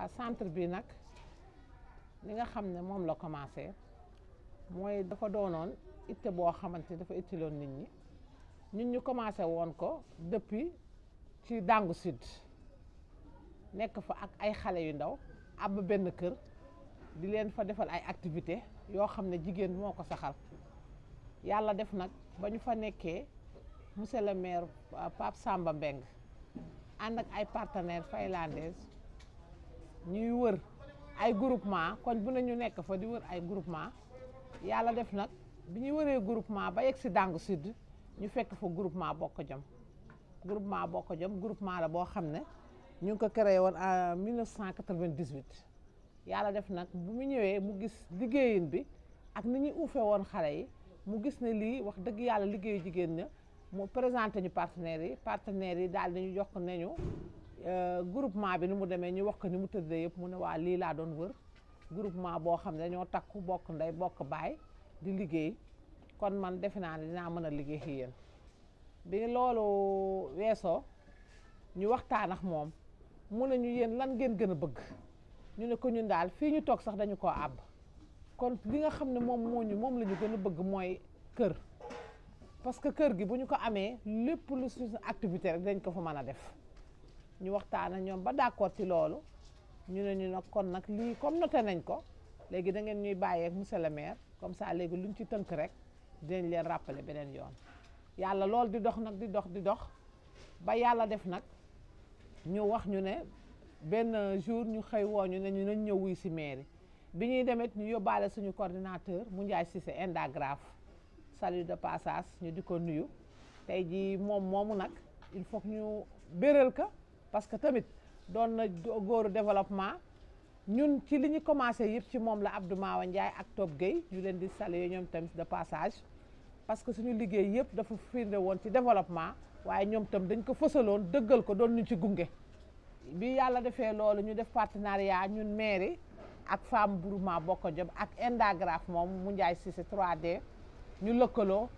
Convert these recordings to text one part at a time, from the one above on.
waa centre bi nag li nga xam ne moom la commencé mooy dafa doonoon itte boo xamante dafa ittiloon nit ñi ñun ñu commencé woon ko depuis ci Dangu Sud nekk fa ak ay xale yu ndaw ab benn kër di leen fa defal ay activité yoo xam ne jigéen moo ko saxal yàlla def nag ba ñu fa nekkee monsieur le maire euh, Pape Samba Mbeng ànd ak ay partenaires finlandais ñuy wër ay groupement koñ bu ne ñu nekk fa di wër ay groupement yàlla def nag bi ñuy wëree groupement ba yegg si Dangu sidd ñu fekk fa groupement Bokk Jom groupement Bokk Jom groupement la boo xam ne ñu ngi ko créé woon en 1998 yàlla def nag bu mu ñëwee mu gis liggéeyin bi ak ni ñuy uufe woon xale yi mu gis ne lii wax dëgg yàlla liggéeyu jigéen ña mu présenté ñu partenaires yi partenaires yi daal di ñu jox ne ñu Euh, groupement bi ni mu demee ñu wax ko ni mu tëddee yëpp mu ne waa lii laa doon wër groupement boo xam ne dañoo takku bokk ndey bokk baay di liggéey kon man defe naa ne dinaa mën a liggéey ci yéen bi loolu weesoo ñu waxtaan ak moom mu ne ñu yéen lan ngeen gën a bëgg ñu ne ko ñun daal fii ñu toog sax dañu koo àbb kon li nga xam ne moom moo ñu moom lañu gën a bëgg mooy kër parce que kër gi bu ñu ko amee lépp lu suñu activité rek dañ ko fa mën a def ñu waxtaan ak ñoom ba d'accord ci loolu ñu ne ñu nag kon nag lii comme noté nañ ko léegi da ngeen ñuy bàyyeek monsieur le comme ça léegi lu ñu ci tënk rek dinañ leen rappeler beneen yoon yàlla loolu di dox nag di dox di dox ba yàlla def nag ñu wax ñu ne benn jour ñu xëy woo ñu ne ñu nañ ñëw wuy si mairie bi ñuy demet ñu yóbbaale suñu coordinateur mu Ndiaye Cissé indagraphe salut de passage ñu di ko nuyu tey jii moom moomu nag il faut ñu béral ka parce que tamit doon na góoru développement ñun ci li ñu commencé yëpp ci moom la Abdou Mawa Ndiaye ak Top Gueye ñu leen di saluer ñoom tamit de passage parce que suñu liggéey yëpp dafa firnde woon ci développement waaye ñoom tam dañ ko fësaloon dëggal ko doon ñu ci gunge bi yàlla defee loolu ñu def partenariat ñun mairie ak femme Bourma Bokk Job ak Indagraf moom mu Ndiaye Cissé 3D ñu lëkkaloo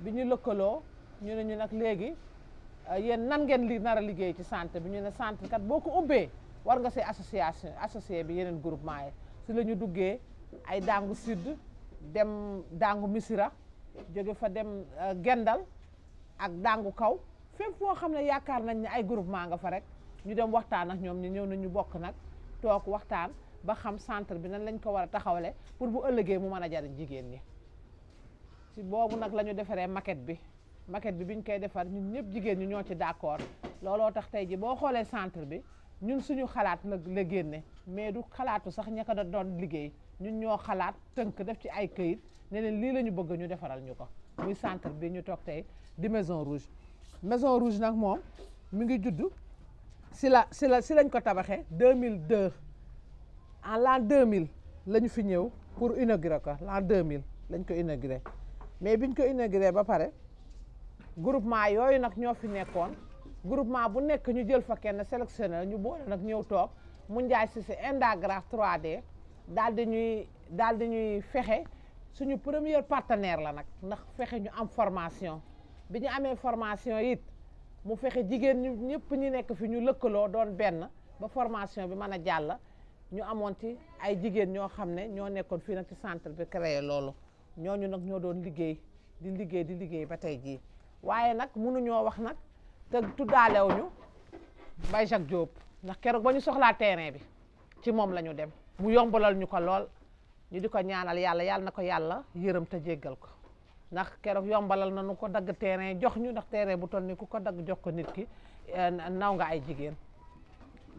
bi ñu lëkkaloo ñu ne ñu nag léegi Euh, yéen nan ngeen li nar a liggéey ci centre bi ñu ne centre kat boo ko ubbee war nga see association associé bi yeneen groupement yi si lañu duggee ay dangu sud dem dangu misira jóge fa dem euh, gendal ak dangu kaw fépp foo xam ne yaakaar nañ ne ay groupement nga fa rek ñu dem waxtaan ak ñoom ñu ñëw ñu bokk nag toog waxtaan ba xam centre bi nan lañ ko war a taxawale pour bu ëllëgee mu mën a jariñ jigéen ñi si boobu nag lañu defaree maquette bi maquette bi bi ñu koy defar ñun ñëpp jigéen ñi ñoo ci d'accord looloo tax tey ji boo xoolee centre bi ñun suñu xalaat la la génne mais du xalaatu sax ña ko da doon liggéey ñun ñoo xalaat tënk def ci ay kayit ne leen lii lañu bëgg ñu defaral ñu ko muy centre bi ñu toog tey di Maison Rouge Maison Rouge nag moom mi ngi judd si la si la si lañ ko tabaxee 2002 en l'an 2000 la ñu fi ñëw pour inaugurer ko l'an 2000 lañ ko inaugurer mais biñ ko inaugurer ba pare groupement yooyu nag ñoo fi nekkoon groupement bu nekk ñu jël fa kenn sélectionneur ñu boole nag ñëw toog mu njaay si si à 3D daal di ñuy daal di ñuy fexe suñu premier partenaire la nag ndax fexe ñu am formation bi ñu amee formation it mu fexe jigéen ñu ñëpp ñu nekk fi ñu lëkkaloo doon benn ba formation bi mën a jàll ñu amoon ci ay jigéen ñoo xam ne ñoo nekkoon fii nag ci centre bi créé loolu ñooñu nag ñoo doon liggéey di liggéey di liggéey ba tey jii waaye nag mënuñoo wax nag te tuddaalewuñu Baye Jacques Diop ndax keroog ba ñu soxlaa terrain bi ci moom lañu dem mu yombalal ñu ko lool ñu di ko ñaanal yàlla yàlla na ko yàlla yërëm te jéggal ko ndax keroog yombalal na nu ko dagg terrain jox ñu ndax terrain bu toll ni ku ko dagg jox ko nit ki eh, naw nga ay jigéen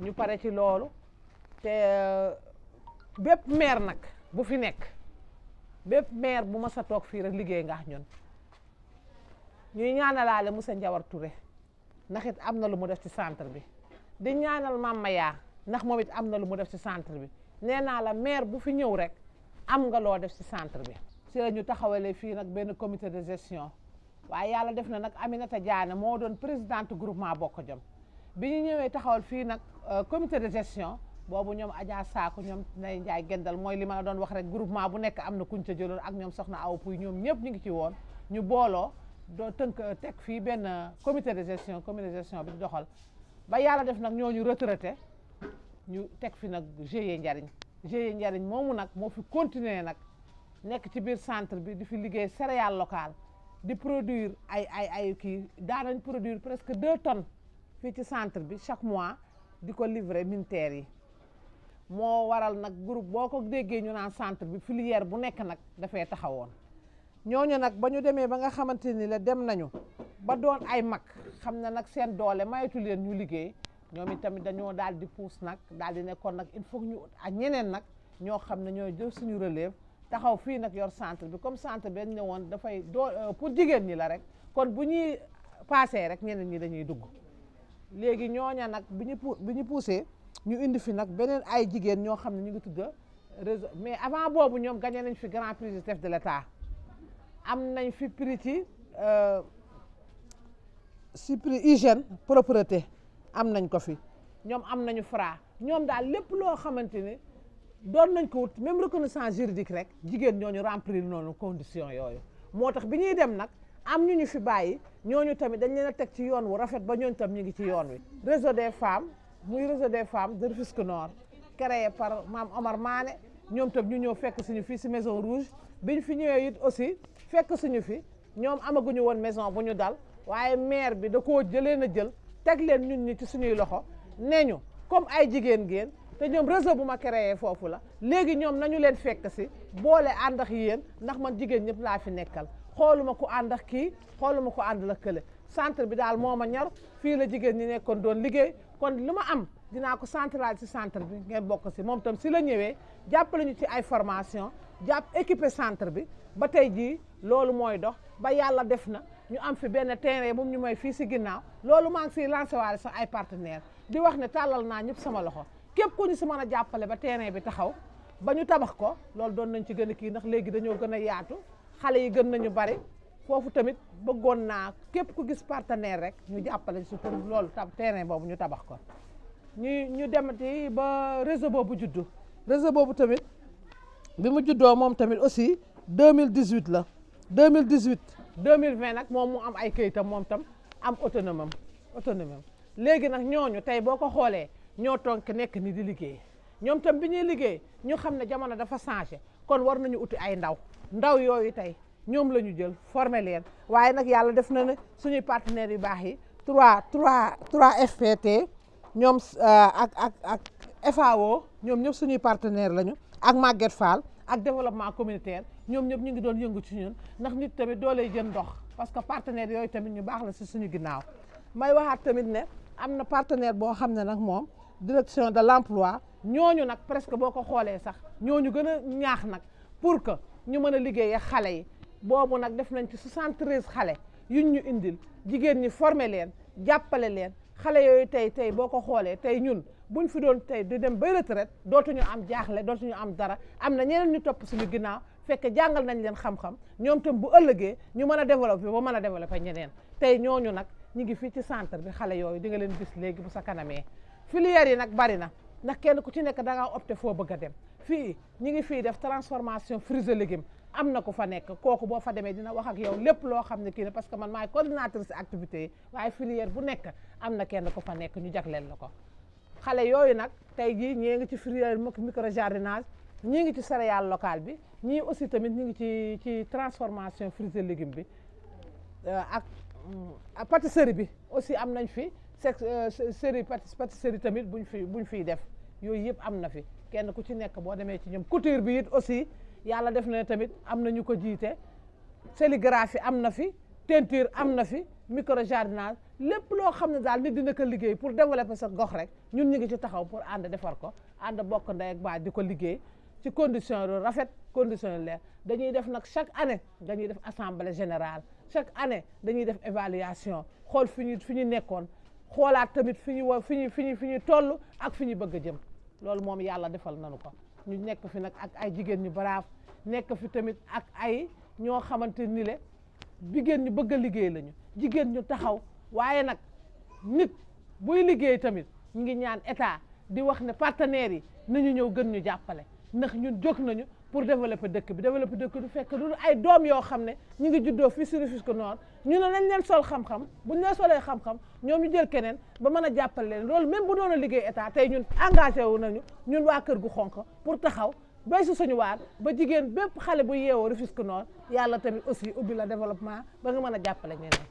ñu pare ci loolu te eh, bépp maire nag bu fi nekk bépp maire bu ma sa toog fii rek liggéey nga ñun ñuy ñaanalaale monsieur Ndiawar Touré ndax it am na lu mu def ci centre bi di ñaanal ma Yaa ndax moom it am na lu mu def ci centre bi nee naa la maire bu fi ñëw rek am nga loo def ci centre bi. si la ñu taxawalee fii nag benn comité de gestion waaye yàlla def na nag Aminata Diané moo doon présidente groupement Bokk Jom bi ñu ñëwee taxawal fii nag euh, comité de gestion boobu ñoom Adja Sakho ñoom Ndeye Ndiaye Gendal mooy li ma doon wax rek groupement bu nekk am na kuñ ca ak ñoom soxna aw puy ñoom ñëpp ñu ngi ci woon ñu booloo. doo tënk euh, teg fii benn euh, comité de gestion comité de gestion bi di doxal ba yàlla def nag ñooñu retraité ñu teg fi nag GIE njariñ GIE njariñ moomu nag moo fi continuer nag nekk ci biir centre bi di fi liggéey céréales locales di produire ay ay ay kii daanañ produire presque deux tonnes fii ci centre bi chaque mois di ko livrer militaires yi moo waral nag groupe boo ko déggee ñu naan centre bi filière bu nekk nag dafay taxawoon ñooñu nag ba ñu demee ba nga xamante ni la dem nañu ba doon ay mag xam ne nag seen doole mayatu leen ñu liggéey ñoom itamit dañoo daal di puus nag daal di nekkoon nag il faut ñu ak ñeneen nag ñoo xam ne ñooy jël suñu relève taxaw fii nag yor centre bi comme centre bi dañ ne woon dafay doo euh, pour jigéen ñi la rek kon bu ñuy passé rek ñeneen ñi dañuy dugg léegi ñooña nag bi ñu bi ñu poussé ñu indi fi nag beneen ay jigéen ñoo xam ne ñu ngi tudda réseau mais avant boobu ñoom gagné nañ fi grand prix de chef de l'État am nañ fi prix ci euh, si prix hygiène propreté am nañ ko fi ñoom am nañu Fra ñoom daal lépp loo xamante ne doon nañ ko wut même reconnaissance juridique rek jigéen ñooñu remplir noonu condition yooyu moo tax bi ñuy dem nag am ñu ñu fi bàyyi ñooñu tamit dañ leen a teg ci yoon wu rafet ba ñooñu tam ñu ngi ci yoon wi réseau des femme muy réseau des femmes de Rufisque Nord créé par maam Omar Mané ñoom tam ñu ñëw fekk suñu fii si Maison Rouge biñ fi ñëwee it aussi fekk suñu fi ñoom amaguñu woon maison bu ñu dal waaye maire bi da koo jëlee na jël teg leen ñun ñi ci suñuy loxo nee ñu comme ay jigéen ngeen te ñoom réseau bu ma créé foofu la léegi ñoom nañu leen fekk si boole ànd ak yéen ndax man jigéen ñëpp laa fi nekkal xooluma ku ànd ak kii xooluma ku ànd ak kële centre bi daal moom ma ñar fii la jigéen ñi nekkoon doon liggéey kon lu ma am dinaa ko centraliser si centre bi ngeen bokk si moom tam si la ñëwee jàppale ñu ci ay formation jàpp équipe centre bi ba tey jii loolu mooy dox ba yàlla def na ñu am fi benn terrain bu ñu mooy fii si ginnaaw loolu maa ngi siy lancé waale sax ay partenaire di wax ne tàllal naa ñëpp sama loxo képp ku ñu si man a jàppale ba terrain bi taxaw ba ñu tabax ko loolu doon nañ ci gën a kii ndax léegi dañoo gën a yaatu xale yi gën nañu bari foofu tamit bëggoon naa képp ku gis partenaire rek ñu jàppale si pour loolu tab terrain boobu ñu tabax ko ñu ñu demati ba réseau boobu tamit bi mu juddoo moom tamit aussi 2018 la 2018 2020 nag moom mu am ay këyitam moom tam am autonome am autonome am léegi nag ñooñu tey boo ko xoolee ñoo tonk nekk ni di liggéey ñoom tam bi ñuy liggéey ñu xam ne jamono dafa changé kon war nañu uti ay ndaw ndaw yooyu tey ñoom la ñu jël formé leen waaye nag yàlla def na ne suñuy partenaires yu baax yi 3 3 3 FPT ñoom euh, ak ak ak FAO ñoom ñëpp suñuy partenaire lañu ak Maguette Fall ak développement communautaire ñoom ñëpp ñu ngi doon yëngu ci ñun ndax nit tamit doole lay jën ndox parce que partenaire yooyu tamit ñu baax na si suñu ginnaaw may waxaat tamit ne am na partenaire boo xam ne nag moom direction de l'emploi ñooñu nag presque boo ko xoolee sax ñoo ñu gën a ñaax nag pour que ñu mën a liggéeyee xale yi boobu nag def nañ ci 73 xale yuñ ñu indil jigéen ñi former leen jàppale leen xale yooyu tey tey boo ko xoolee tey ñun buñ fi doon tey di dem bay retraite dootuñu am jaaxle dootuñu am dara am na ñeneen ñu topp si suñu ginnaaw fekke jàngal nañ leen xam-xam ñoom tam bu ëllëgee ñu mën a développé ba mën a développé ñeneen tey ñooñu nag ñu ngi fii ci centre bi xale yooyu di nga leen gis léegi bu sa kanamee filière yi nag bari na ndax kenn ku ci nekk da ngaa opté foo bëgg a dem fii ñi ngi fii def transformation fruits et légumes am na ko fa nekk kooku boo fa demee dina wax ak yow lépp loo xam ne kii ne parce que man maay coordinatrice activité waaye filière bu am na kenn ku fa nekk ñu jagleel la ko xale yooyu nag tey jii ñii ngi ci fruiterie micro jardinage ñii ngi ci céréale locale bi ñii aussi tamit ñi ngi ci ci transformation fruits et légumes bi euh, ak euh, pâtisserie bi aussi am nañ fi euh, série pâtisserie tamit buñ fi buñ fiy def yooyu yëpp am na fi kenn ku ci nekk boo demee ci ñoom couture bi it aussi yàlla def na tamit am na ñu ko jiite sérigraphie am na fi teinture am na fi micro jardinage lépp loo xam ne daal nit dina ko liggéey pour développer sa gox rek ñun ñu ngi ci taxaw pour ànd defar ko ànd bokk nda ak baay di ko liggéey ci condition yu rafet condition yu leer dañuy def nag chaque année dañuy def assemblée général chaque année dañuy def évaluation xool fi ñu fi ñu nekkoon xoolaat tamit fi ñu wa fi ñu fi ñu fi ñu toll ak fi ñu bëgg a jëm loolu moom yàlla defal nañu ko ñu nekk fi nag ak ay jigéen ñi brave nekk fi tamit ak ay ñoo xamante ni le jigéen ñu bëgg a liggéey lañu jigéen ñu taxaw waaye nag nit buy liggéey tamit ñu ngi ñaan état di wax ne partenaires yi nañu ñëw gën ñu jàppale nax ñun jóg nañu pour développer dëkk bi développer dëkk du fekk du ay doom yoo xam ne ñu ngi juddoo fii sur Rufisque Nord ñu ne nañ leen sol xam-xam buñ leen solee xam-xam ñoom ñu jël keneen ba mën a jàppale leen loolu même bu doon a liggéey état tey ñun engagé wu nañu ñun waa kër gu xonk pour taxaw bay si suñu waar ba jigéen bépp xale bu yeewoo Rufisque Nord yàlla tamit aussi ubbi la développement ba nga mën a jàppale ñeneen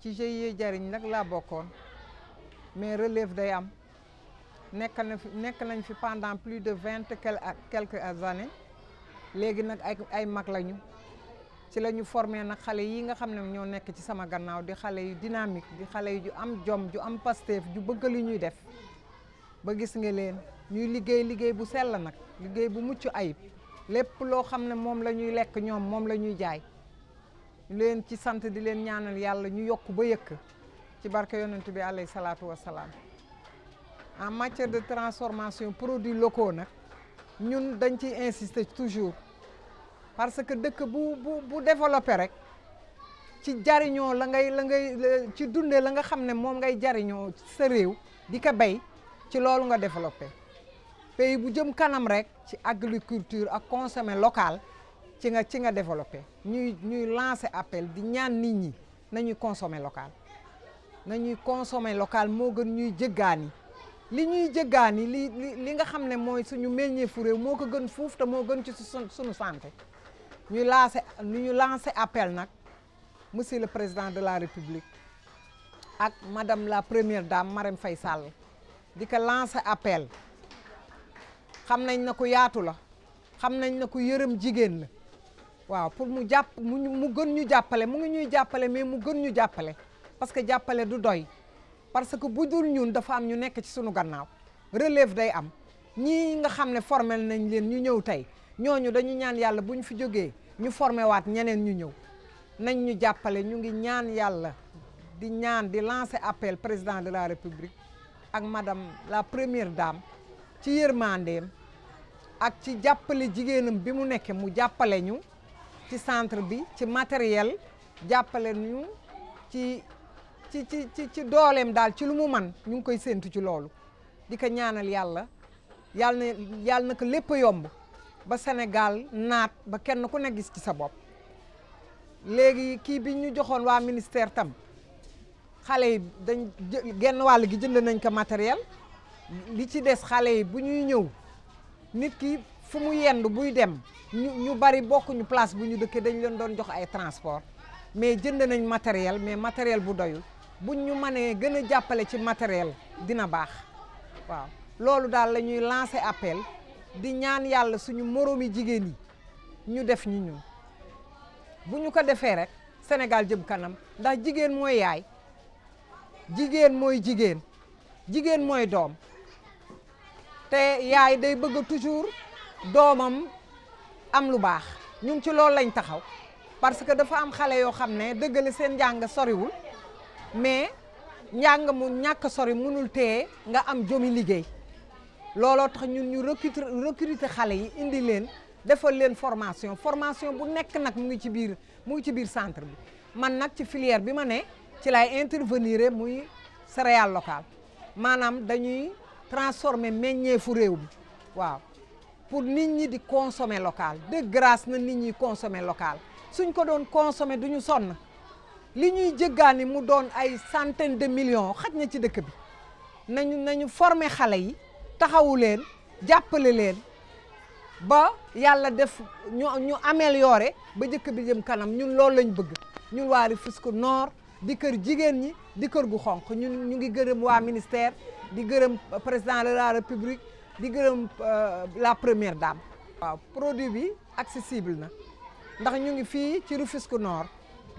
ci GIE jariñ nag laa bokkoon mais relève de am nekk na fi nekk nañ fi pendant plus de vingt quelques années léegi nag ay ay mag lañu ci lañu ñu formé nag xale yi nga xam ne ñoo nekk ci sama gannaaw di xale yu dynamique di xale yi ju am jom ju am Pastef ju bëgg li ñuy def ba gis nga leen ñuy liggéey liggéey bu sell nag liggéey bu mucc ayib lépp loo xam ne moom la ñuy lekk ñoom moom la ñuy jaay leen ci sant di leen ñaanal yàlla ñu yokk ba yëkk ci barke yonent bi alayhi salaatu wasalaam en matière de transformation produit locaux nag ñun dañ ciy insister toujours parce que dëkk bu bu bu développé rek ci jariñoo la ngay la ngay ci dundee la nga xam ne moom ngay jariñoo sa réew di ko bay ci loolu nga développé pays bu jëm kanam rek ci agriculture ak consommer local ci nga ci nga développé ñuy ñuy lancer appel di ñaan nit ñi nañuy consommer local nañuy consommer local moo gën ñuy jëggaani li ñuy jëggaani li li nga xam ne mooy suñu meññee réew moo ko gën fuuf te moo gën ci su suñu sante ñuy lancer nu ñu lancer appel nag monsieur le président de la république ak madame la première dame Marème fay Sall di ko lancer appel xam nañ na ku yaatu la xam nañ na ku yërëm jigéen la waaw pour mu jàpp mu mu gën ñu jàppale mu ngi ñuy jàppale mais mu gën ñu jàppale parce que jàppale du doy parce que bu dul ñun dafa am ñu nekk ci suñu gannaaw relève day am ñii nga xam ne formel nañ leen ñu ñëw tey ñooñu dañu ñaan yàlla bu ñu fi jógee ñu formé waat ñeneen ñu ñëw nañ ñu jàppale ñu ngi ñaan yàlla di ñaan di lancer appel président de la république ak madame la première daam ci yér yërmandeem ak ci jàppale jigéenam bi mu nekkee mu jàppale ñu ci centre bi ci matériel jàppale ñu ci ci ci ci ci dooleem daal ci lu mu man ñu ngi koy séentu ci loolu di ko ñaanal yàlla yàlla na yàlla na ko lépp yomb ba Sénégal naat ba kenn ku ne gis ci sa bopp léegi kii bi ñu joxoon waa ministère tam xale yi dañ genn wàll gi jënd nañ ko matériel li ci des xale yi bu ñuy ñëw nit kii fu mu yendu buy dem ñu bari bokkuñu place bu ñu dëkkee dañ leen doon jox ay transport mais jënd nañ matériel mais matériel bu doyul buñ ñu mënee gën a jàppale ci matériel dina baax waaw loolu daal lañuy ñuy appel di ñaan yàlla suñu moroomi jigéen yi ñu def ñu ñun bu ñu ko defee rek Sénégal jëm kanam ndax jigéen mooy yaay jigéen mooy jigéen jigéen mooy doom te yaay day bëgg toujours doomam am lu baax ñun ci loolu lañ taxaw parce que dafa am xale yoo xam ne dëggale seen njàng soriwul mais njàng mu ñàkk sori munul téye nga am jomi liggéey looloo tax ñun ñu recruter recruter xale yi indi leen defal leen formation formation bu nekk nag mu ngi ci biir mu ngi ci biir centre bi man nag ci filière bi ma ne ci lay intervenir muy céréale locale maanaam dañuy transformer meññeefu réew bi waaw pour nit ñi di consommer locale de grâce na nit ñi consommer local suñ ko doon consommer duñu sonn li ñuy jëggaani mu doon ay centaine de million xaj na ci dëkk bi nañu nañu former xale yi taxawu leen jàppale leen ba yàlla def ñu ñu améliorer ba jëkk bi jëm kanam ñun loolu lañ bëgg ñun waa Rufisque noor di kër jigéen ñi di kër gu xonq ñu ñu ngi gërëm waa ministère di gërëm président de la république di gërëm euh, la première dame. waaw produit bi accessible na ndax ñu ngi fii ci Rufisque Nord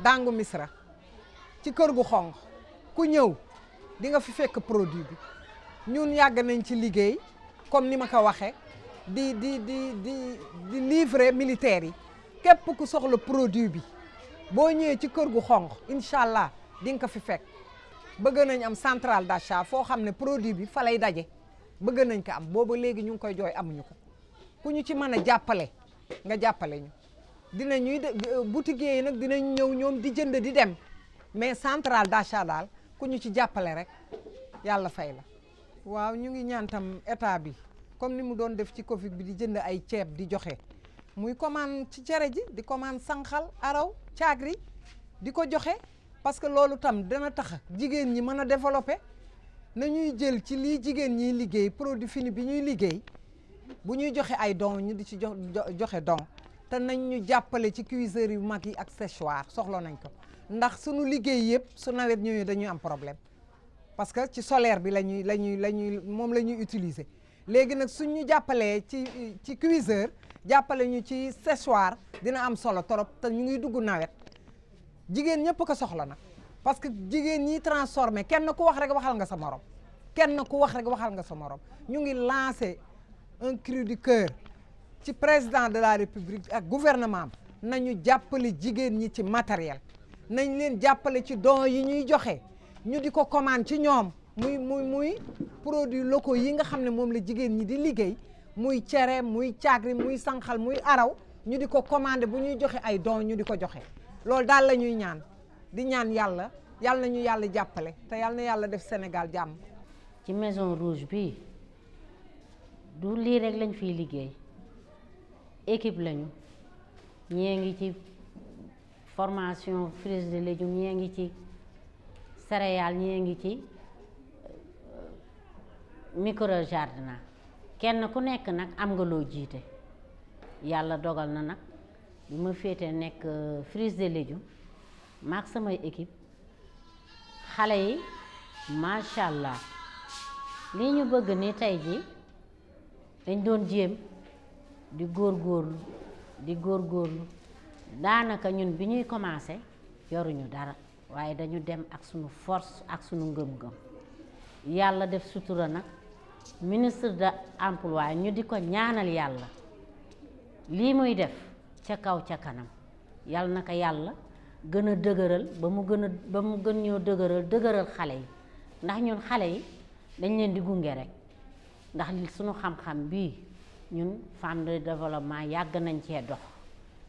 Dangu Misra ci kër gu xonq ku ñëw di nga fi fekk produit bi ñun yàgg nañ ci liggéey comme ni ma ko waxee di di di di di livrer militaires yi képp ku soxla produit bi boo ñëwee ci kër gu xonq incha allah di ko fi fekk. bëgg nañ am centrale d'achat foo xam ne produit bi fa lay daje bëgg nañ ko am boobu léegi ñu ngi koy jooy amuñu ko ku ñu ci mën a jàppale nga jàppale ñu dina ñuy euh, boutique yi nag dinañ ñëw ñoom di jënd di dem mais central d'achat daal ku ñu ci jàppale rek yàlla fay la waaw ñu ngi ñaan tam état bi comme ni mu doon def ci Covid bi di jënd ay ceeb di joxe muy commande ci cere ji di commande sanqal araw caagri di ko joxe parce que loolu tam dana tax jigéen ñi mën a développer nañuy jël ci lii jigéen ñiy liggéey produit fini bi ñuy liggéey bu ñuy joxe ay don ñu di ci jo joxe don te nañ ñu jàppale ci cuiseurs yu mag yi ak séchoir soxla nañ ko ndax suñu liggéey yëpp su nawet ñëwee dañuy am problème parce que ci solaire bi la ñuy la la ñuy moom la ñuy utiliser léegi nag suñ ñu jàppalee ci ci cuiseur jàppale ñu ci séchoir dina am solo torop te ñu ngiy dugg nawet jigéen ñëpp ko soxla nag parce que jigéen ñi transformé kenn ku wax rek waxal nga sa morom kenn ku wax rek waxal nga sa morom ñu ngi lancé un cri du ci président de la république ak gouvernement nañu jàppale jigéen ñi ci matériel nañ leen jàppale ci don yi ñuy joxe ñu di ko commande ci ñoom muy muy muy produits locaux yi nga xam ne moom la jigéen ñi di liggéey muy cere muy caagri muy sànqal muy araw ñu di ko commandé bu ñuy joxe ay don ñu di ko joxe loolu daal lañuy ñaan di ñaan yàlla yàlla na ñu yàlla jàppale te yàlla na yàlla def Sénégal jàmm. ci maison rouge bi du lii rek lañ fiy liggéey équipe lañu ñee ngi ci formation frise de légumes ñee ngi ci céréales ñee ngi ci euh, micro jardinage kenn ku nekk nag am nga loo jiite yàlla dogal na nag bi ma féetee nekk euh, frise de légumes maak samay équipe xale yi macha allah lii ñu bëgg ni tey ji dañ doon jéem di góor góorgóorlu di góor góorgóorlu daanaka ñun bi ñuy commencé yoruñu dara waaye dañu dem ak suñu force ak suñu ngëm-ngëm yàlla def sutura nag ministre de l'emploi ñu di ko ñaanal yàlla lii muy def ca kaw ca kanam yàlla na ko yàlla gën a dëgëral ba mu gën a ba mu gën ñoo dëgëral dëgëral xale yi ndax ñun xale yi dañ leen di gunge rek ndax suñu xam-xam bii ñun femme de développement yàgg nañ cee dox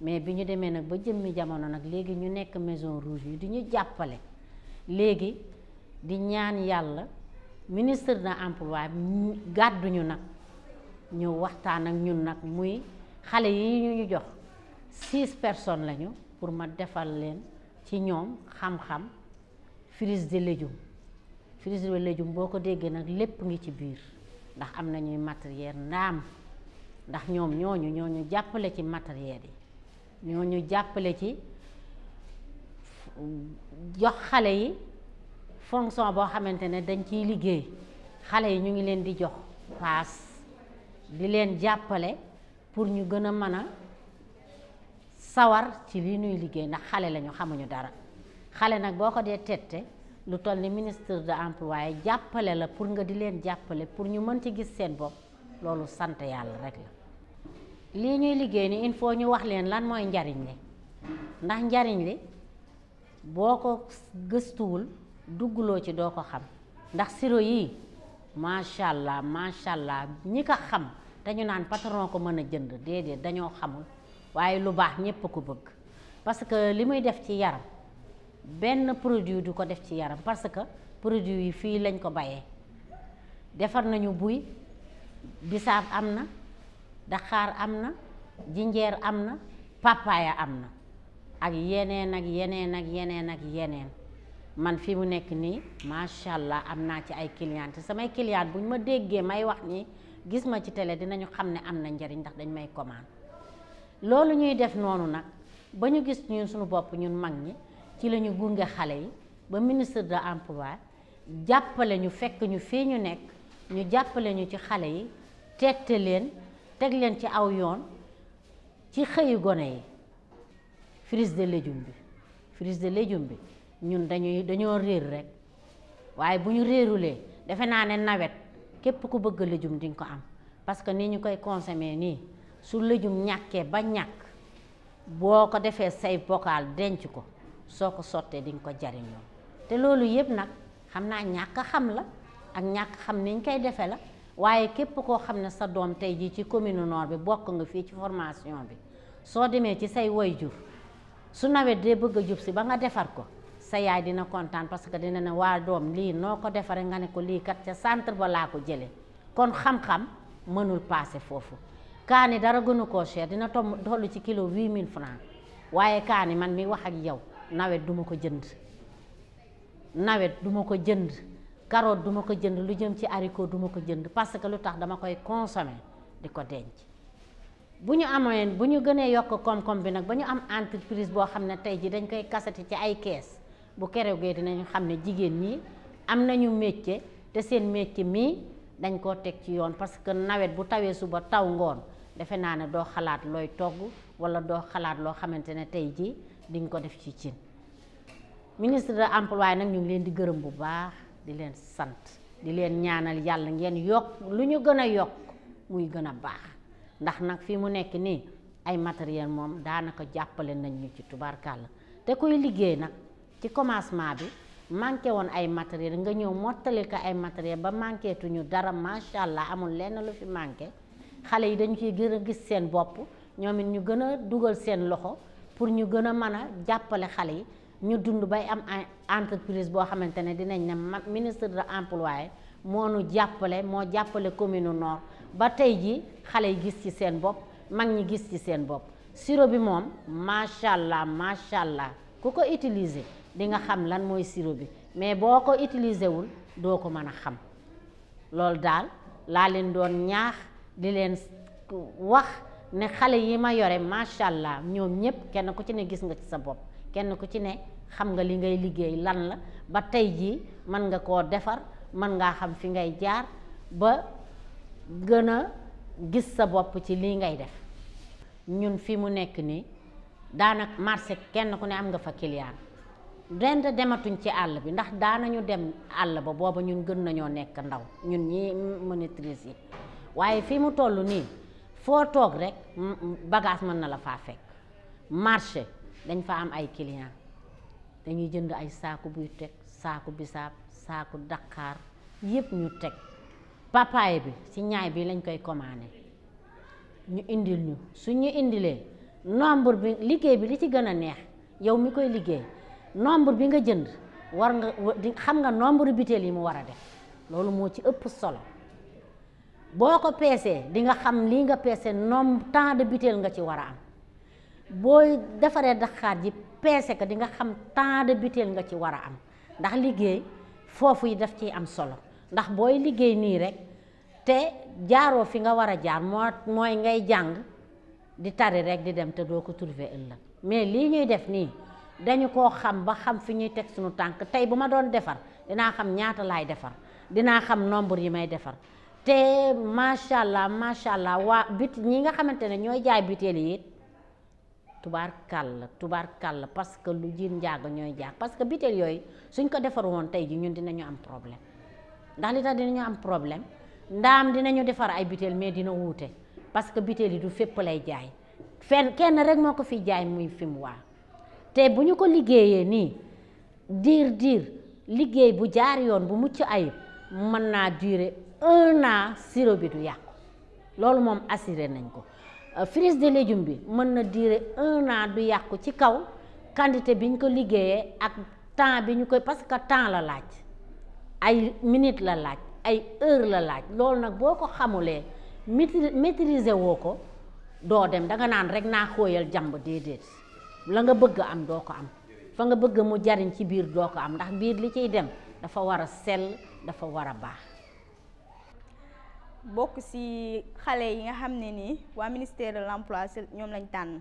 mais bi ñu demee nag ba jëmmi jamono nag léegi ñu nekk maison rouge yi di ñu jàppale léegi di ñaan yàlla ministre de l'emploi gàdduñu nag ñu waxtaan ak ñun nag muy xale yi ñu ñu jox six personnes lañu pour ma defal leen ci ñoom xam-xam frise de légume frise de légume boo ko déggee nag lépp ngi ci biir ndax am na ñuy matériel ndaam ndax ñoom ñooñu ñooñu jàppale ci matériel yi ñooñu jàppale ci jox xale yi fonction boo xamante ne dañ ciy liggéey xale yi ñu ngi leen di jox paas di leen jàppale pour ñu gën a mën a sawar ci li ñuy liggéey ndax xale lañu xamuñu dara xale nag boo ko dee tette lu toll ni ministre de l'emploi jàppale la pour nga di leen jàppale pour ñu mën ci gis seen bopp loolu sant yàlla rek la lii ñuy liggéey ni il faut ñu wax leen lan mooy njariñ li ndax njariñ li boo ko gëstuwul dugguloo ci doo ko xam ndax siro yii macha allah macha allah ñi ko xam te ñu naan patron ko mën a jënd déedéet dañoo xamul waaye lu baax ñépp ko bëgg parce que li muy def ci yaram benn produit du ko def ci yaram parce que produit yi fii lañ ko bayee defar nañu buy bisaab am na daxaar am na jinjeer am na papaaya am na ak yeneen ak yeneen ak yeneen ak yeneen man fi mu nekk nii macha allah am naa ci ay client te samay client bu ñu ma déggee may wax nii gis ma ci télé dinañu xam ne am na njariñ ndax dañ may commande loolu ñuy def noonu nag ba ñu gis ñun suñu bopp ñun mag ñi ci la gunge xale yi ba ministre de l'emploi jàppale ñu fekk ñu fii ñu nekk ñu jàppale ñu ci xale yi tette leen teg leen ci aw yoon ci xëyu gone yi frise de légume bi frise de légume bi ñun dañuy dañoo réer rekk waaye bu ñu réerulee defe naa ne nawet képp ku bëgg légume di nga ko am parce que ni ñu koy consommer nii su lëjum ñàkkee ba ñàkk boo ko defee say bokaal denc ko soo ko sottee di nga ko jariñoo te loolu yëpp nag xam naa ñàkk xam la ak ñàkk xam niñ koy defee la waaye képp koo xam ne sa doom tey jii ci commune noor bi bokk nga fii ci formation bi soo demee ci say woy jur su nawet dee bëgg a si ba nga defar ko sa yaay dina kontaan parce que dina ne waa doom lii noo ko defaree nga ne ko lii kat ca centre ba laa ko jëlee kon xam-xam mënul paase foofu kaani dara gënu koo cher dina tom dollu ci kilo huit mille francs waaye kaani man mi wax ak yow nawet duma ko jënd nawet duma ko jënd carotte duma ko jënd lu jëm ci haricot duma ko jënd parce que lu tax dama koy consommer di ko denc bu ñu amee bu ñu gënee yokk koom-koom bi nag ba ñu am entreprise boo xam ne tey ji dañ koy kasati ci ay kees bu kerogee dinañu xam ne jigéen ñi am nañu métier te seen métier mii dañ koo teg ci yoon parce que nawet bu tawee suba taw ngoon defe naa ne doo xalaat looy togg wala doo xalaat loo xamante ne tey jii di nga ko def ci cin ministre de nag ñu ngi leen di gërëm bu baax di leen sant di leen ñaanal yàlla ngeen yokk lu ñu gën a yokk muy gën a baax ndax nag fii mu nekk nii ay matériel moom daanaka jàppale nañ ñu ci tubaarkàlla te kuy liggéey nag ci commencement bi manqué woon ay matériel nga ñëw mottali ko ay matériel ba manqué tuñu dara macha allah amul lenn lu fi manqué xale yi dañu ci gën a gis seen bopp ñoom it ñu gën a dugal seen loxo pour ñu gën a mën a jàppale xale yi ñu dund bay am entreprise boo xamante ne dinañ ne ministre de l'emploi moo nu jàppale moo jàppale commune nord ba tey ji xale yi gis ci seen bopp mag ñi gis ci seen bopp sirop bi moom macha allah macha allah ku ko utiliser di nga xam lan mooy sirop bi mais boo ko utiliser wul doo ko mën a xam loolu daal laa leen doon ñaax di leen wax ne xale yi ma yore macha allah ñoom ñëpp kenn ku ci ne gis nga ci sa bopp kenn ku ci ne xam nga li ngay liggéey lan la ba tey jii mën nga koo defar mën ngaa xam fi ngay jaar ba gën a gis sa bopp ci lii ngay def ñun fi mu nekk nii daanaka marché kenn ku ne am nga fa client ren dematuñ ci àll bi ndax daanañu dem àll ba booba ñun gën nañoo nekk ndaw ñun ñi monitrice waaye fii mu toll nii foo toog rek bagage mën na la faa fekk marché dañ fa am ay client dañuy jënd ay saaku buy teg saaku bisaab saaku daqaar yépp ñu teg papaye bi ci ñaay bi lañ koy commandé ñu indil ñu suñ ñu indilee nombre bi liggéey bi li ci gën a neex yow mi koy liggéey nombre bi nga jënd war nga xam nga nombre biteel yi mu war a def loolu moo ci ëpp solo boo ko peesee di nga xam lii nga peese nom temps de butéel nga ci war a am booy defaree daxaar ji peese ko di nga xam temps de butéel nga ci war a am ndax liggéey foofu yi daf ciy am solo ndax booy liggéey nii rek te jaaroo fi nga war a jaar moo mooy ngay jàng di tari rek di dem te doo ko trouver ëllëg mais lii ñuy def nii dañu koo xam ba xam fi ñuy teg suñu tànk tey bu ma doon defar dinaa xam ñaata laay defar dinaa xam nombre yi may defar te macha allah macha allah waa biti ñi nga xamante ne ñooy jaay biteel yi tubaar kàll tubaar kàll parce que lu jiin njaago ñooy jaax parce que biteel yooyu suñ ko defar woon tey ji ñun dinañu am problème ndax li tax dinañu am problème ndaam dinañu defar ay biteel mais dina wuute parce que biteel yi du fépp lay jaay fenn kenn rek moo ko fi jaay muy fi mu waa te bu ñu ko liggéeyee nii diir diir liggéey bu jaar yoon bu mucc ayib mën naa durer un an sirop bi du yàqu loolu moom assuré nañ ko euh, frise de légume bi mën na diire un an du yàqu ci kaw quantité bi ñu ko liggéeyee ak temps bi ñu koy parce que temps la laaj ay minute la laaj ay heure la laaj loolu nag boo ko xamulee maîtriser woo ko doo dem danga naan rek naa xóoyal jàmb déedéet la nga bëgg am doo ko am fa nga bëgg mu jariñ ci biir doo ko am ndax biir li ciy dem dafa war a sel dafa war a baax bokk ci xale yi nga xam ne nii waa ministère de l'emploi ñoom lañ tànn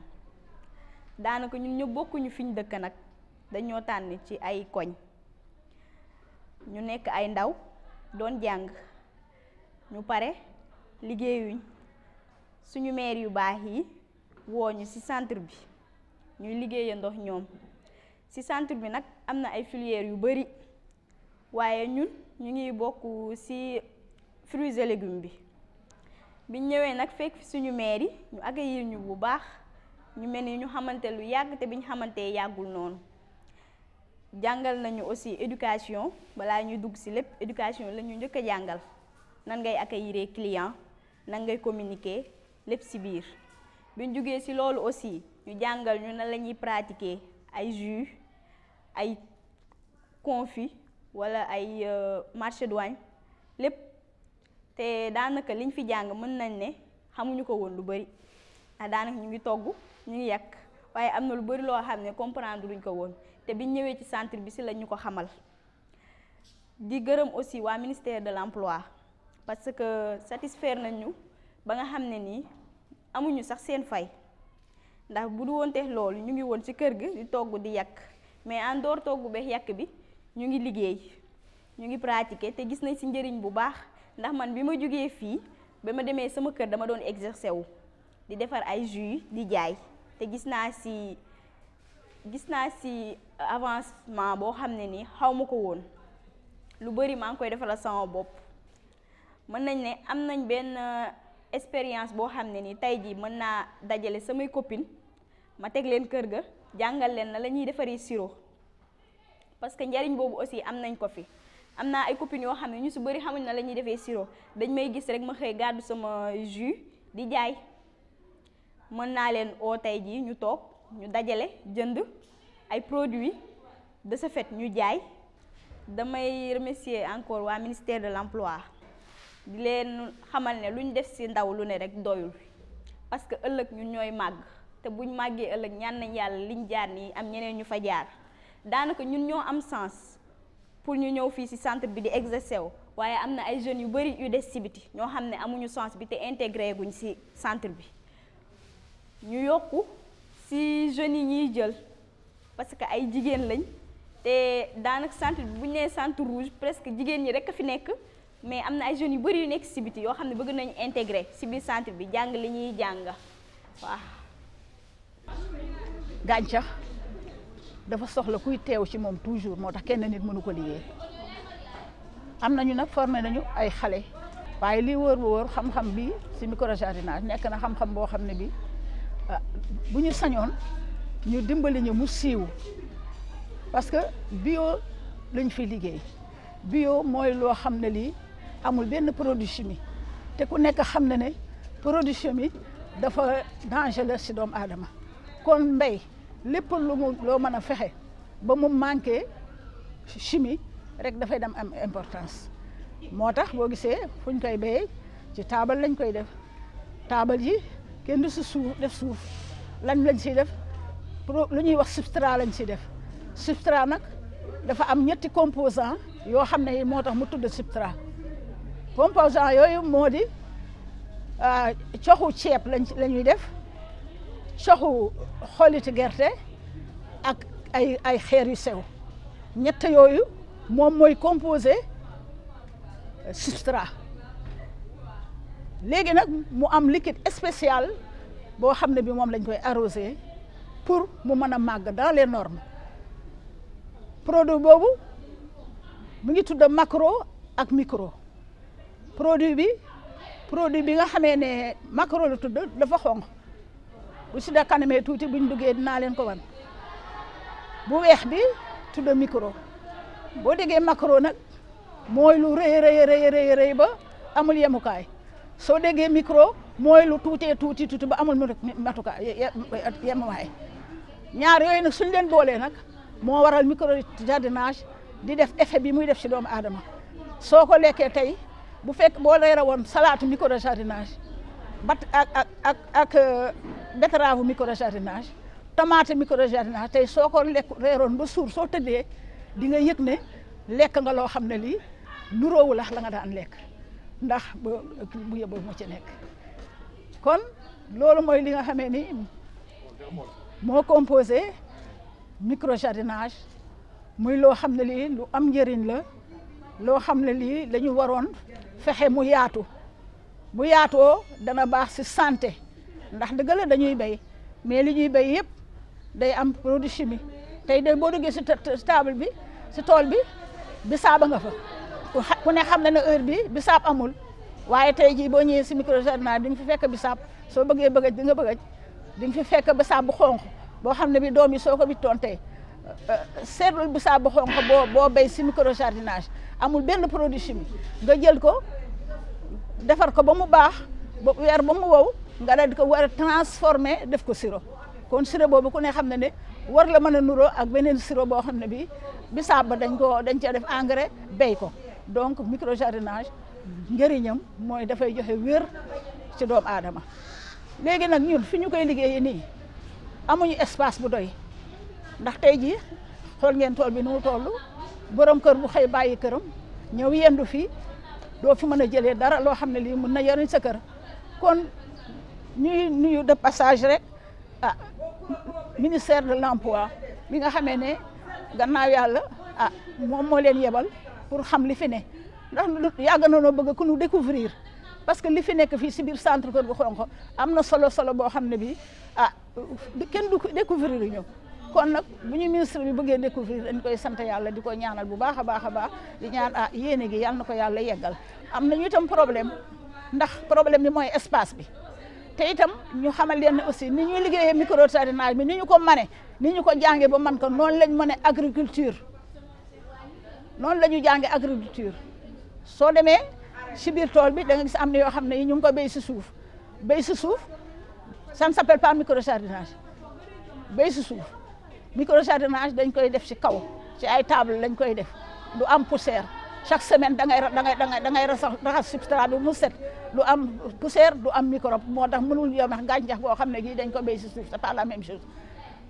daanaka ñun ñu bokkuñu fi ñu dëkk nag dañoo tànn ci ay koñ ñu nekk ay ndaw doon jàng ñu pare liggéeyuñ suñu maire yu baax yi wooñu ci centre bi ñuy liggéeya ndox ñoom ci centre bi nag am na ay filières yu bari waaye ñun ñu ngi bokk ci fruits et légumes bi biñ ñëwee nag fekk fi suñu maire yi ñu accueillir ñu bu baax ñu mel ni ñu xamante lu yàgg te biñ xamante yàggul noonu jàngal nañu aussi éducation balaa ñuy dugg ci lépp éducation la ñu njëkk a jàngal nan ngay accueillir client nan ngay communiquer lépp ci biir biñ jugee ci loolu aussi ñu jàngal ñu nan la ñuy pratiquer ay jus ay confit walla ay euh, marché douane lépp te daanaka liñ fi jàng mën nañ ne xamuñu ko woon lu bëri ndax daanaka ñu ngi togg ñu ngi yàq waaye am na lu bëri loo xam ne comprendre luñ ko woon te biñ ñëwee ci centre bi si la ñu ko xamal di gërëm aussi waa ministère de l'emploi parce que satisfaire nañu ba nga xam ne nii amuñu sax seen fay ndax bu du woon te loolu ñu ngi woon ci kër gi di togg di yàq mais en dehors togg beex yàq bi ñu ngi liggéey ñu ngi pratiquer te gis nañ ci njëriñ bu baax ndax man bi ma jógee fii ba ma demee sama kër dama doon exercer wu di defar ay jus di jaay te gis naa si gis naa si avancement boo xam ne nii xaw ma ko woon lu bëri maa ngi koy defaral sama bopp mën nañ ne am nañ benn euh, expérience boo xam ne nii tey jii mën naa dajale samay copine ma teg leen kër ga jàngal leen na la ñuy defaree sirop parce que njariñ boobu aussi am nañ ko fi am naa ay copine yoo xam ne ñu si bëri xamuñ na la ñuy defee sirop dañ may gis rek ma xëy gàddu sama ju di jaay mën naa leen oo tey jii ñu toog ñu dajale jënd ay produits de ce fait ñu jaay damay remercier encore waa ministère de l'emploi di leen xamal ne lu ñu def si ndaw lu ne rek doyul parce que ëllëg ñun ñooy màgg te buñ màggee ëllëg ñaan nañ yàlla liñ jaar nii am ñeneen ñu fa jaar daanaka ñun ñoo am sens pour ñu ñëw fii ci centre bi di exercer wu waaye am na ay jeunes yu bari yu des ci biti ñoo xam ne amuñu sens bi te intégré guñ ci centre bi ñu yokk ci jeunes yi ñuy jël parce que ay jigéen lañ te daanak centre bi bu ñu nee centre rouge presque jigéen ñi rek a fi nekk mais am na ay jeunes yu bari yu nekk ci yoo xam ne bëgg nañu intégré ci biir centre bi jàng li ñuy jàng waaw. gàncax. dafa soxla kuy teew ci moom toujours moo tax kenn nit mënu ko liggéey am nañu nag na ñu ay xale waaye lii wóor bu wóor xam-xam bi ci microjardinage nekk na xam-xam boo xam ne bi ah, bu ñu sañoon ñu dimbali ñu mu siiw parce que bio lañ fi liggéey bio mooy loo xam ne lii amul benn produit chimique te ku nekk xam na ne produit chimique dafa dangereux ci doomu aadama kon mbay lépp lu mu loo mën a fexe ba mu manqué chimie rek dafay dem am importance moo tax boo gisee fu kay koy béyee ci taabal lañ koy def taabal yi kenn du si suuf def suuf lañ lañ siy def pour lu ñuy wax substrat lañ si def substrat nag dafa am ñetti composant yoo xam ne moo tax mu tudd substrat composant yooyu moo di ah, coxu ceeb lañ la ñuy def soxu xooliti gerte ak ay ay xeer yu sew ñett yooyu moom mooy composé euh, substrat léegi nag mu am liquide spécial boo xam ne bi moom lañ koy arrosé pour mu mën a màgg dans les normes produit boobu mu ngi tudd macro ak micro produit bi produit bi nga xamee ne macro la tudd dafa xonq bu si de kanamee tuuti buñ duggee dinaa leen ko wan bu weex bi tudd micro boo déggee macro nag mooy lu rëy rëy rëy rëy ba amul yemukaay soo déggee micro mooy lu tuutee tuuti tuuti ba amul matukaay yemuwaay ñaar yooyu nag suñ leen boolee nag moo waral micro jardinage di def effet bi muy def si doomu aadama soo ko lekkee tey bu fekk boo lay rawoon salaatu micro jardinage bat ak ak ak ak euh, betterave microjardinage tomate microjardinage tey soo ko lekk reeroon ba suur soo tëddee di nga yëg ne lekk nga loo xam ne lii nuróowu lax la nga daan lekk ndax bu bu yëboo mu ci nekk kon loolu mooy li nga xamee ni moo composé microjardinage muy loo xam ne lii lu am njëriñ la loo xam ne lii la ñu waroon fexe mu yaatu bu yaatoo dana baax si santé ndax dëgg la dañuy bay mais li ñuy bay yëpp day am produit chimique tey day boo duggee si table bi si tool bi bisaab a nga fa ku ne xam na ne bi bi saab amul waaye tey jii boo ñëwee si microjardinage di nga fi fekk bisaab soo bëggee bëggaj di nga bëggaj di nga fi fekk bisaab bu xonq boo xam ne bi doom yi soo ko wittoon tey euh, euh, seetlul bisaab bu xonq boo boo bay si microjardinage amul benn produit chimique nga jël ko defar ko ba mu baax ba weer ba mu wow nga daal di ko war a transformé def ko sirop kon sirop boobu ku ne xam ne ne war la mën a nuroo ak beneen sirop boo xam ne bi bisaab ba dañ ko dañ cee def engrais béy ko donc micro microjardinage njëriñam mooy dafay joxe wér ci doomu aadama léegi nag ñun fi ñu koy liggéeyee nii amuñu espace bu doy ndax tey jii xool ngeen tool bi nu mu toll borom kër bu xëy bàyyi këram ñëw yendu fii doo fi mën a jëlee dara loo xam ne lii mun na yariñ sa kër kon ñuy nuyu de passage rek ah ministère de l'emploi mi nga xamee ne naa yàlla a ah, moom moo leen yebal pour xam li fi ne ndax yàgg na noo bëgg ku ñu découvrir parce que li fi nekk fii si biir centre Kër Gu Xonq am na solo solo boo xam ne bii ah kenn du découvrir ñu kon nag bu ñu ministre bi bëggee découvrir dañ koy sant yàlla di ko ñaanal bu baax a baax a baax di ñaan ah yéene gi yàlla na ko yàlla yeggal am nañu itam problème ndax problème bi mooy espace bi te itam ñu xamal leen ne aussi ni ñuy liggéeyee microterrinage bi ni ñu ko mane ni ñu ko jàngee ba man ko noonu lañ mën a agriculture noonu la ñu jàngee agriculture soo demee si biir tool bi da nga gis am na yoo xam ne yi ñu ngi ko béy si suuf béy si suuf san ne s'appelle pas microterrinage béy si suuf microjardinage dañ koy def ci kaw ci ay table lañ koy def du am poussière chaque semaine da ngay da ngay da ngay da ngay raxas substrat bi mu set du am poussière du am microbe moo tax mënul yow ndax gàncax goo xam ne gi dañ ko béy ci suuf c'est pas la même chose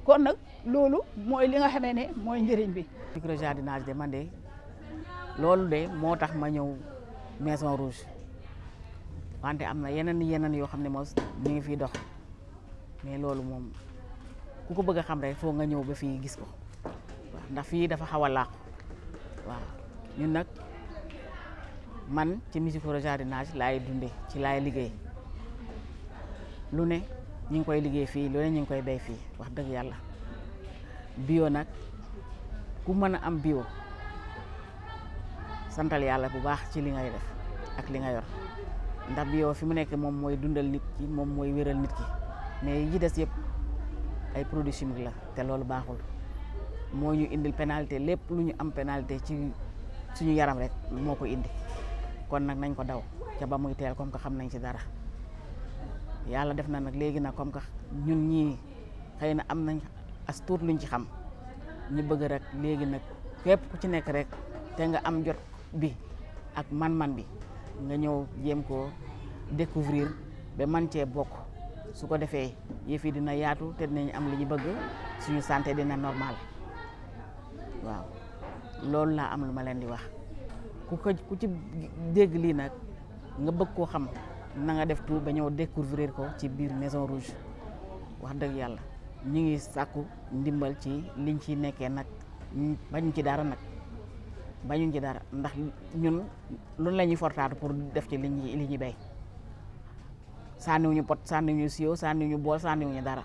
kon nag loolu mooy li nga xamee ne mooy njëriñ bi. microjardinage de man de loolu de moo tax ma ñëw maison rouge wante am na yeneen yeneen yoo xam ne mos ñu ngi fiy dox mais ku ko bëgg a xam rek foo nga ñëw ba fii gis ko waaw ndax fii dafa xaw a làqu waaw ñun nag man ci musicoro jardinage laay dunde ci laay liggéey lu ne ñu ngi koy liggéey fii lu ne ñu ngi koy bay fii wax dëgg yàlla bio nag ku mën a am bio santal yàlla bu baax ci li ngay def ak li nga yor ndax bio fi mu nekk moom mooy dundal nit ki moom mooy wéral nit ki mais yi des yépp ay produit chimiques la te loolu baaxul moo ñu indil pénalité lépp lu ñu am pénalité ci suñu yaram rek moo ko indi kon nag nañ ko daw ca ba muy teel comme que xam nañ ci dara yàlla def na nag léegi nag comme que ñun ñii xëy na am nañ as tuut luñ ci xam ñu bëgg rek léegi nag képp ku ci nekk rek te nga am jot bi ak man-man bi nga ñëw jéem koo découvrir ba man cee bokk su ko defee yëf yi dina yaatu te dinañ am li ñu bëgg suñu santé dina normal waaw loolu laa am lu ma leen di wax ku ko ku ci dégg lii nag nga bëgg koo xam nanga def tout ba ñëw découvrir ko ci biir Maison Rouge wax dëgg yàlla ñu ngi sàkku ndimbal ci liñ ci nekkee nag bañuñ ci dara nag bañuñ ci dara ndax ñun loolu lañuy ñuy fortaatu pour def ci li ñuy li ñuy béy sànniwuñu pot sànniwuñu siyo sànniwuñu bool sànniwuñu dara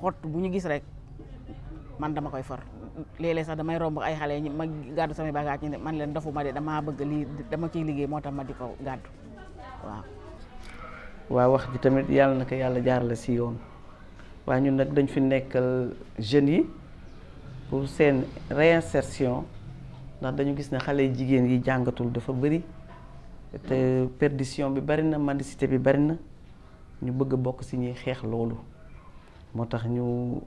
xott bu ñu gis rek man dama koy far léeg-léeg sax damay romb ay xale ñi ma gàddu samay bagage ñi ne man leen dafuma de damaa bëgg lii dama ciy liggéey moo tax ma di ko gàddu waaw. wax ji tamit yàlla na ko yàlla jaarale si yoon waa ñun nag dañ fi nekkal jeunes yi pour seen réinsertion ndax dañu gis ne xale jigéen yi jàngatul dafa bëri. te perdition bi bari na mendicité bi bari na ñu bëgg a bokk ci ñuy xeex loolu moo tax ñu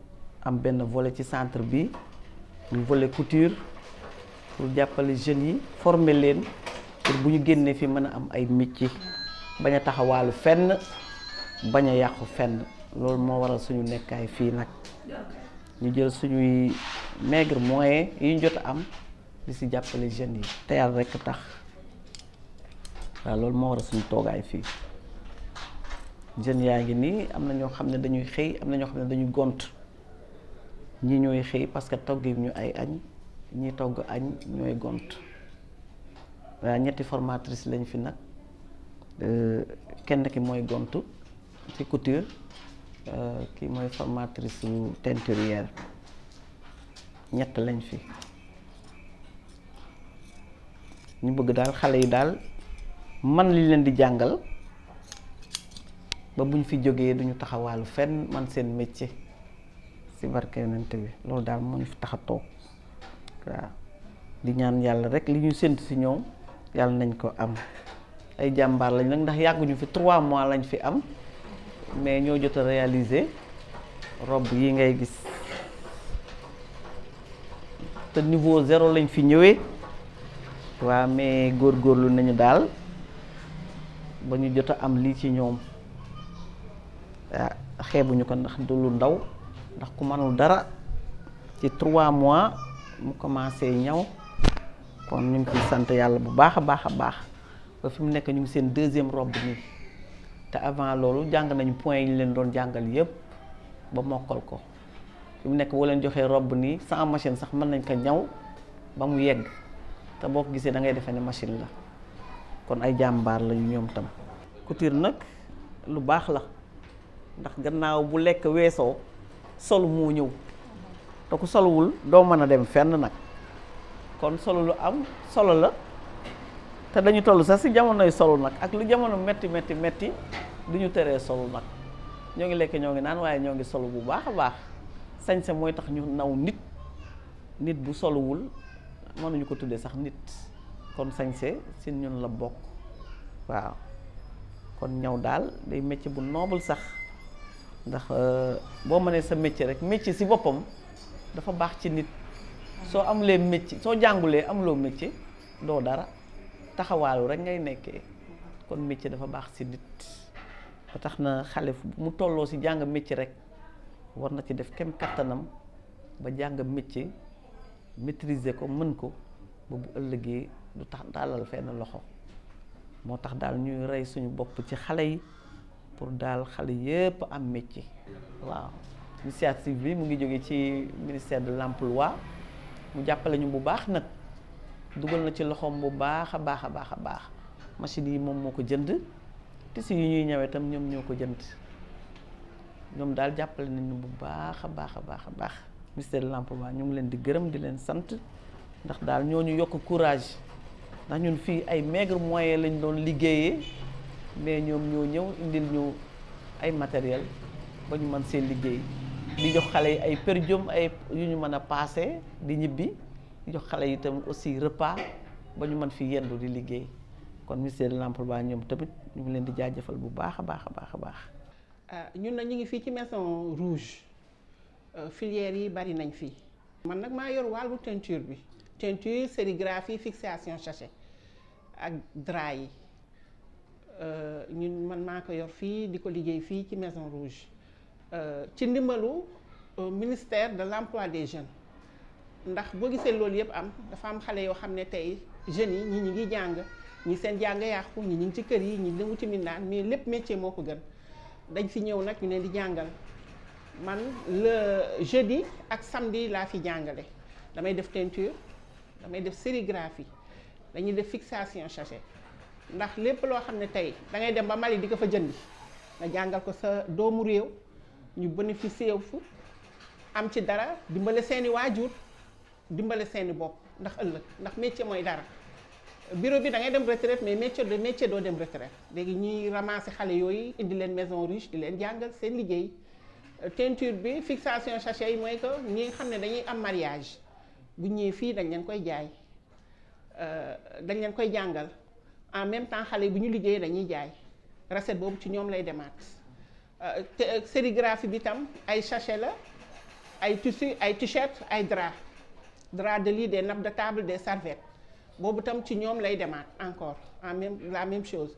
am benn vole ci centre bi ñu vole couture pour jàppale jeunes yi former leen pour bu ñu génnee fi mën a am ay métier bañ a taxawaalu fenn bañ a yàqu fenn loolu moo waral suñu nekkaay fii nag ñu jël suñuy maigre moyen yi ñu jot a am di si jàppale jeunes yi te rekk tax waaw loolu moo war a suñu toogaay fii jeunes yaa ngi nii am na ñoo xam ne dañuy xëy am na ñoo xam ne dañuy gont ñi ñooy xëy parce que togg ñu ay añ ñi togg añ ñooy gont waaw ñetti formatrice lañ fi nag euh, kenn ki mooy gont ci couture euh, ki mooy formatrice yu teinturière ñett lañ fi ñu bëgg daal xale yi daal man li leen di jàngal ba bu ñu fi jógee duñu taxawaalu fenn man seen métier ci barke yonent bi loolu daal moo ñu fi taxa toog waaw di ñaan yàlla rek li ñu sént ci ñoom yàlla nañ ko am ay jàmbaar lañ nag ndax yàgguñu fi trois mois lañ fi am mais ñoo jot a réaliser robb yi ngay gis te niveau zéro lañ fi ñëwee waa mais góor góorlu nañu daal ba ñu jot a am lii ci ñoom ah, xeebuñu ko ndax dulu lu ndaw ndax ku mënul dara ci trois mois mu commencé ñaw kon ñu ngi ciy sant yàlla bu baax a baax a baax ba mu nekk ñu ngi seen deuxième robe nii te avant loolu jàng nañu point yi ñu leen doon jàngal yépp ba mokkal ko fi mu nekk boo leen joxee robb nii sans machine sax mën nañ ko ñaw ba mu yegg te boo ko gisee da ngay defee ne machine la. kon ay jàmbaar lañu ñoom tam couture nag lu baax la ndax gannaaw bu lekk weesoo sol moo ñëw te ku soluwul doo mën a dem fenn nag kon solo lu am solo la te dañu toll sax si jamonoy solo nag ak lu jamono metti metti metti du ñu teree solo nag ñoo ngi lekk ñoo ngi naan waaye ñoo ngi solo bu baax a baax sañse mooy tax ñu naw nit nit bu solowul mënuñu ko tuddee sax nit kon sañse si ñun la bokk waaw kon ñaw daal day métier bu noble sax ndax euh, boo mënee sa métier rek métier si boppam dafa baax ci nit soo amulee métier soo jàngulee amuloo métier doo dara taxawaalu rek ngay nekkee kon métier dafa baax si nit ba tax na xale mu tolloo si jàng métier rek war na ci def kem kattanam ba jàng métier maîtriser ko mën ko ba bu ëllëgee du tax tàllal fenn loxo moo tax daal ñuy rey suñu bopp ci xale yi pour daal xale yépp am métier waaw initiative bi mu ngi jóge ci ministère de l'emploi mu jàppale ñu bu baax nag dugal na ci loxoom bu baax a baax a baax a baax machine yi moom moo ko jënd tissu yi ñuy ñawee itam ñoom ñoo ko jënd ñoom daal jàppale nañu bu baax a baax a baax a baax ministère de l'emploi ñu ngi leen di gërëm di leen sant ndax daal ñoo ñu yokk courage ndax ñun fii ay maigre moyen lañ doon liggéeyee mais ñoom ñoo ñëw indil ñu ay matériel ba ñu mën seen liggéey di jox xale yi ay per ay yu ñu mën a paase di ñibbi di jox xale yi itam aussi repas ba ñu mën fi yendu di liggéey kon ministère de baa ñoom tamit ñu ngi leen di jaajëfal bu baax a baax a baax a baax. Ah, ñun na ñu ngi fii ci maison rouge euh, filière yi bari nañ fii. man nag maa yor wàllu teinture bi teinture sérigraphie fixation sachet. ak drap yi euh, ñun man maa ko yor fii di ko liggéey fii ci Maison Rouge euh, ci ndimbalu euh, ministère de l'emploi des jeunes ndax boo gisee loolu yëpp am dafa am xale yoo xam ne tey jeunes yi ñu ngi jàng ñi seen jàng yàqu ñi ñu ngi ci kër yi ñi dangu ci mindaan mais lépp métier moo ko gën dañ fi ñëw nag ñu leen di jàngal man le jeudi ak samedi laa fi jàngale damay def teinture damay def sérigraphie dañuy def fixation sachet ndax lépp loo xam ne tey da ngay dem ba Mali di ko fa jëndi nga jàngal ko sa doomu réew ñu bénéficier fu am ci dara dimbale seeni waajur dimbale seeni bopp ndax ëllëg ndax métier mooy dara bureau bi dangay ngay dem retraite mais métier de métier doo dem retraite léegi ñuy ramasser xale yooyu indi leen maison riche di leen jàngal seen liggéey teinture bi fixation sachet yi mooy que ñi nga xam ne dañuy am mariage bu ñëwee fii dañ leen koy jaay. Euh, dañ leen koy jàngal en même temps xale yi bu ñu liggéey dañuy jaay recette boobu ci ñoom lay demaat euh, te euh, bi tam ay sachet la ay tissu ay t-shirt ay drap drap de lit des nappes de table des serviettes boobu tam ci ñoom lay demaat encore en même la même chose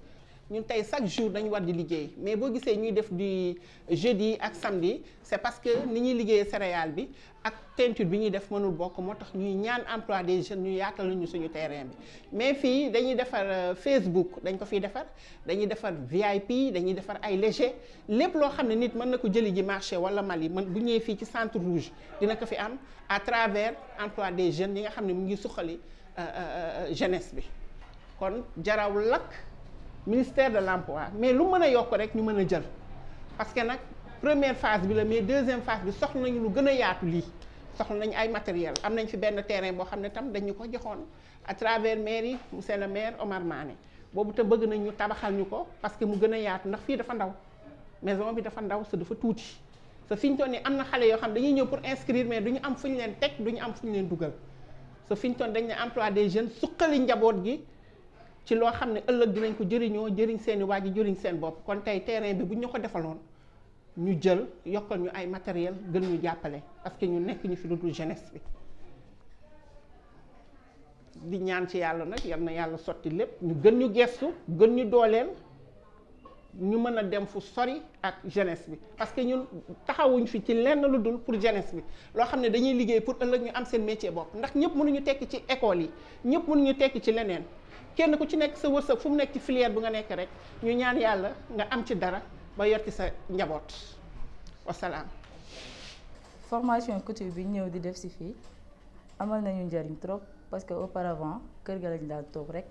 ñun tey chaque jour dañu war di liggéey mais boo gisee ñuy def du jeudi ak samedi c'est parce que ni ñuy liggéeyee céréale bi ak teinture bi ñuy def mënul bokk moo tax ñuy ñaan emploi des jeunes ñu yaatal ñu suñu terrain bi mais fii dañuy defar euh, Facebook dañ ko fiy defar dañuy defar VIP dañuy defar ay léger lépp loo xam ne nit mën na ko jëli ji marché wala Mali man bu ñëwee fii ci centre rouge dina ko fi am à travers emploi des jeunes yi nga xam ne mu ngi suqali euh, euh, jeunesse bi kon jaraw lakk ministère de l'emploi mais lu mën a yokk rek ñu mën a jël parce que nag première phase bi la mais deuxième phase bi soxla nañu lu gën a yaatu lii soxla nañu ay matériel am nañ fi benn terrain boo xam ne tam dañu ko joxoon à travers maire yi monsieur le maire Omar Mané boobu te bëgg nañ ñu tabaxal ñu ko parce que mu gën a yaatu ndax fii dafa ndaw mais maison bi dafa ndaw sa dafa tuuti sa fi ñu toll nii am na xale yoo xam ne dañuy ñëw pour inscrire mais du ñu am fu leen teg du ñu am leen dugal sa fi ñu dañ ne des jeunes suqali njaboot gi ci loo xam ne ëllëg nañ ko jëriñoo jëriñ seeni waa ji jëriñ seen bopp kon tey terrain bi bu ñu ko defaloon ñu jël yokkal ñu ay matériel gën ñu jàppale parce que ñu nekk ñu fi lu dul jeunesse bi di ñaan ci yàlla nag yal na yàlla sotti lépp ñu gën ñu gestu gën ñu dooleel ñu mën a dem fu sori ak jeunesse parce que ñun taxawuñ fi ci lenn lu dul pour jeunesse bi loo xam ne dañuy liggéey pour ëllëg ñu am seen métier bopp ndax ñëpp munuñu tekki ci école yi ñëpp mënuñu tekki ci leneen kenn ku ci nekk sa wërsëg fu mu nekk ci filière bu nga nekk rek ñu ñaan yàlla nga am ci dara ba yor ci sa njaboot wasalaam. formation couture bi ñëw di def si fii amal nañu njariñ trop parce que auparavant kër ga lañ daan toog rek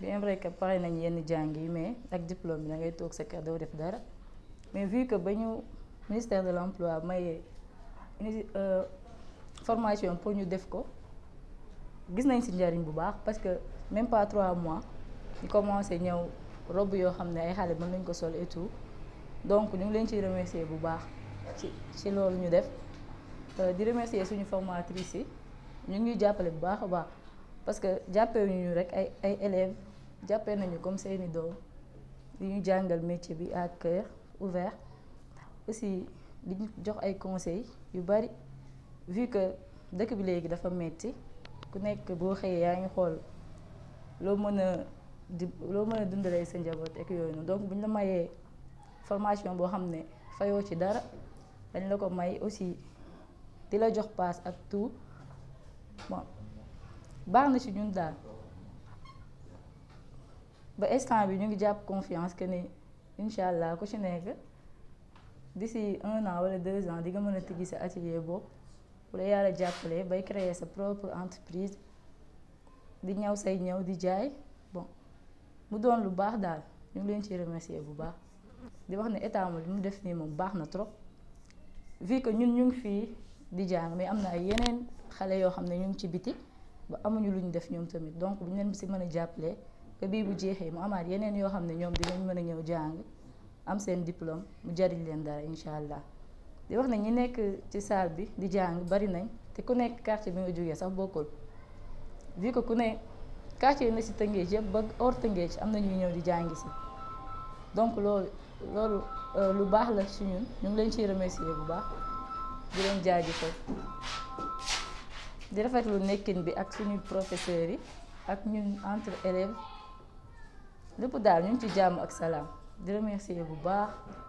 bien vrai que pare nañ yenn jàng yi mais ak diplôme bi da ngay toog sa kër doo def dara mais vie que ba ñu ministère de l'emploi mayee euh, formation pour ñu def ko gis nañ si njariñ bu baax parce même pas trois mois ñu commencé ñëw robe yoo xam ne ay xale mën nañ ko sol et donc ñu ngi leen ciy remercier bu baax ci ci loolu ñu def euh, di remercier suñu formatrice yi ñu ngi jàppale bu baax a baax parce que jàppee ñu rek ay ay élèves jàppee nañu comme seeni doom di ñu jàngal métier bi à cœur ouvert aussi di ñu jox ay conseils yu bari vu que dëkk bi léegi dafa metti ku nekk boo xëyee yaa ngi xool loo mën a di loo mën a dundalee sa njaboot ak yooyu noonu donc bu ñu la mayee formation boo xam ne fayoo ci dara dañ la ko may aussi di la jox paas ak tout bon baax na ci ñun daal ba instant bi ñu ngi jàpp confiance que ni incha allah ku ci nekk di si un an wala deux ans di nga mën a tijji sa atelier boobu la yàlla jàppalee bay créer sa propre entreprise. di ñaw say ñaw di jaay bon mu doon lu baax daal ñu ngi leen ci remercier bu baax di wax ne état moom mu def nii moom baax na trop vu que ñun ñu ngi fii di jàng mais am na ay yeneen xale yoo xam ne ñu ngi ci biti ba amuñu lu ñu def ñoom tamit donc bu ñu leen si mën a jàppale ba bii bu jeexee mu amaat yeneen yoo xam ne ñoom dinañ mën a ñëw jàng am seen diplôme mu jariñ leen dara incha allah di wax ne ñi nekk ci saal bi di jàng bari nañ te ku nekk quartier bi jógee sax bokkul. di ko ku ne quartier na si Tëngéej yëpp ba hors Tëngéej am na ñuy ñëw di jàngi si donc loolu loolu euh, lu baax la si ñun ñu ngi leen ci remercier bu baax di leen jaajëfal di rafetlu nekkin bi ak suñu professeurs yi ak ñun entre élèves lépp daal ñu ngi ci jàmm ak salaam di remercier bu baax.